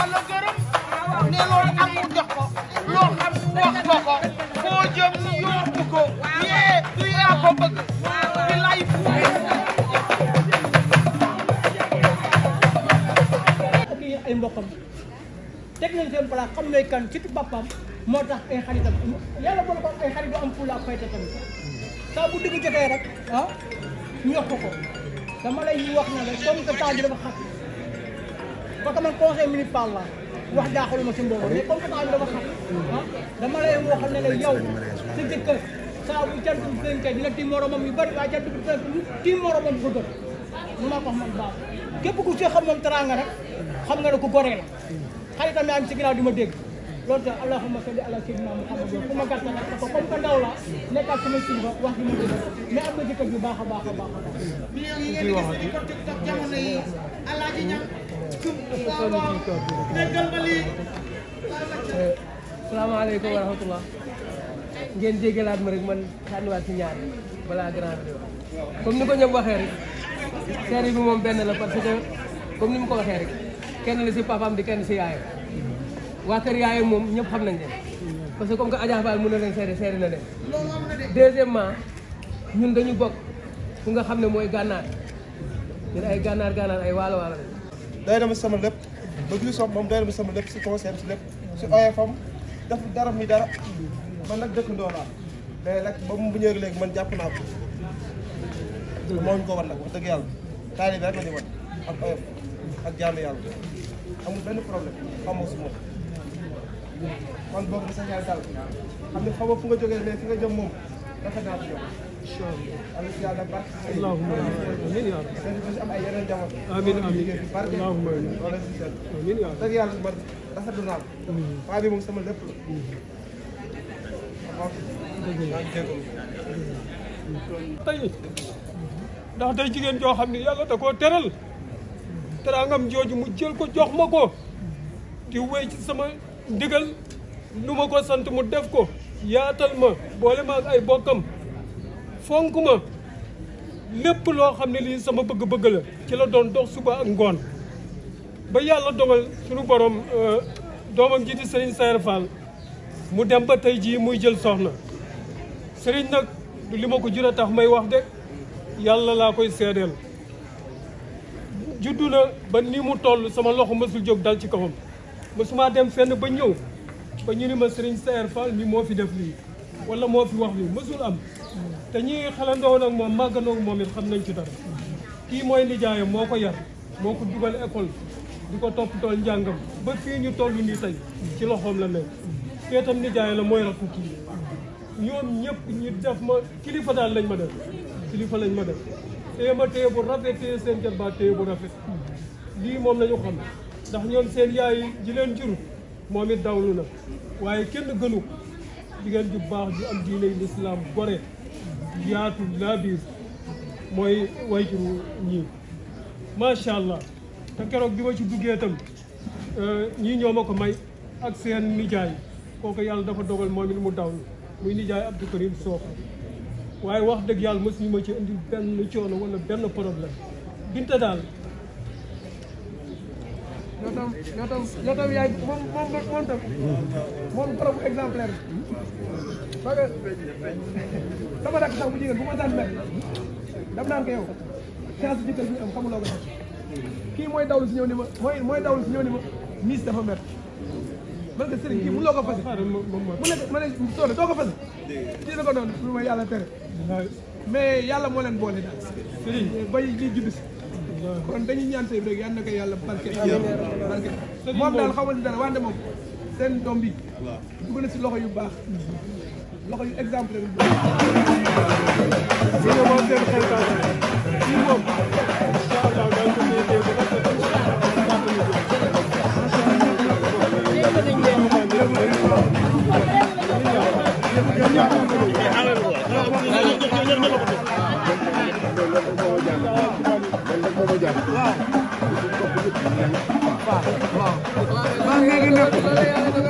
maa la gërëm ne loolu amul jox ko loo xam wax ko ko foo jëm yóbbu ko seen place xam ne kan surtout bàppam moo tax ay xaritam yàlla boole ko ay xarit du am fu rek ah ñu ko ko dama lay wax na la comme que temps bi dafa parce que man conseil municipal la wax jaaxaluma si mbooloo mais comme que taxaw dama xam ah dama lay waxal ne la yow sa jëkkër saa bu jant bi fenkee dina tiim moromam yu bëri waaye jant bi fenk tiim moromam bu gën nu maa ko man baax képp ku ci xam moom teraanga xam nga ne ku goree la xale tamit am si ginnaaw di ma dégg loolu tax allahumma salli ala sayyidina muhammad fu ma gàttal rek parce que comme que ndaw la nekkaat sama kilifa wax di ma dégg am na jëkkër bu a a baax a baax salaamaaleykum wa rahmatullah ngeen jéggalaat ma rek man xandiwaat si ñaar balaa grand bi wax comme ni ko ñoom waxee rek série bi moom benn la parce que comme ni mu ko waxee rek kenn la si papaam di kenn si yaayam waa kër moom ñëpp xam nañ leen parce que comme que Adja Fall mën na leen seere seere na leen deuxièmement ñun dañu bokk fu nga xam ne mooy gànnaar ñun ay gànnaar gànnaar ay waalo waalo doy na sama lépp ba gis som moom doy na sama lépp si conseil si lépp si oyofam def dara mi dara man nag dëkkandoo naa mais nag ba mu bu ñëwee léegi man jàpp naa ko mooñ ko war nag wax dëgg yàlla taalibe rek la ñu wan ak oyof ak jaamu yàlla amul benn problème xamoo si moom man boobu sa ñaari dal xam ne xamoo fu nga jógee mais fi nga jëm moom dafa daal di incha allah amiin yaa rabbi amiin amiin allahumma amiin ndax tey jigéen joo xam ne yàlla da koo teral teraangam jooju mu jël ko jox ma ko di wéy ci sama ndigal lu ko sant mu def ko yaatal ma boole ma ay bokkam fonk ma lépp loo xam ne lii sama bëgg-bëgg la ci la doon dox suba ak ngoon ba yàlla dogal suñu borom euh, doomam ji di Serigne Sayer Fall mu dem ba tey jii muy jël soxna sëriñ nag du li ma ko jur a tax may wax de yàlla laa koy seedeel juddu na ba ni mu toll sama loxo mësul jóg dal ci kawam mësuma dem fenn ba ñëw ba ñu ni ma Serigne Sayer Fall mi moo fi def lii wala moo fi wax lii mësul am te ñuy xalandoon ak moom màggandoo ak moom it xam nañu ci dara kii mooy nijaayam moo ko yar moo ko dugal école di ko toppatoo njàngam ba fii ñu toll nii tey ci loxoom la nekk kee tam nijaay la mooy rakku kii ñoom ñëpp ñu def ma kilifa daal lañ ma def kilifa lañ ma def téye ma téye bu rafet téye seen jot ba bu rafet lii moom la ñu xam ndax ñoom seen yaay ji leen jurut moom it dawlu na waaye kenn gënu jigéen ju baax ju am diine lislaam yaatu laa biir mooy wayjuru ñii macha allah te keroog bi ma ci duggee tam eh, ñii ñoo ma ko may ak seen nijaay kooku yàlla dafa dogal moom it mu daw muy nijaay Abdou Karim Sow waaye wax dëgg yàlla mosuñu ma ci indi benn coono walla benn problème binta daal ñoo tam ñoo tam yaay moom moom moom tam moom trop exemplaire parce que sama rakk sax jigéen bu ma daan mel dam naan ko yow chance jëkkër bi ñu am xamuloo ko sax kii mooy dawlu si ñëw ni ma mooy mooy si ñëw ni ma miis dafa mer man ko sëriñ kii mënuloo ko fase ah, mu ne ma ne soone doo ko fase kii na ko doon lu ma yàlla tere mais yàlla moo leen boole daal sëriñ bay lii judd si kon dañuy ñaan sëñ bi rek yal na yàlla barke barke moom daal xaw ma si dara wante moom seen doom bi dugg na si loxo yu baax loxo yu exemple jàpp waaw waaw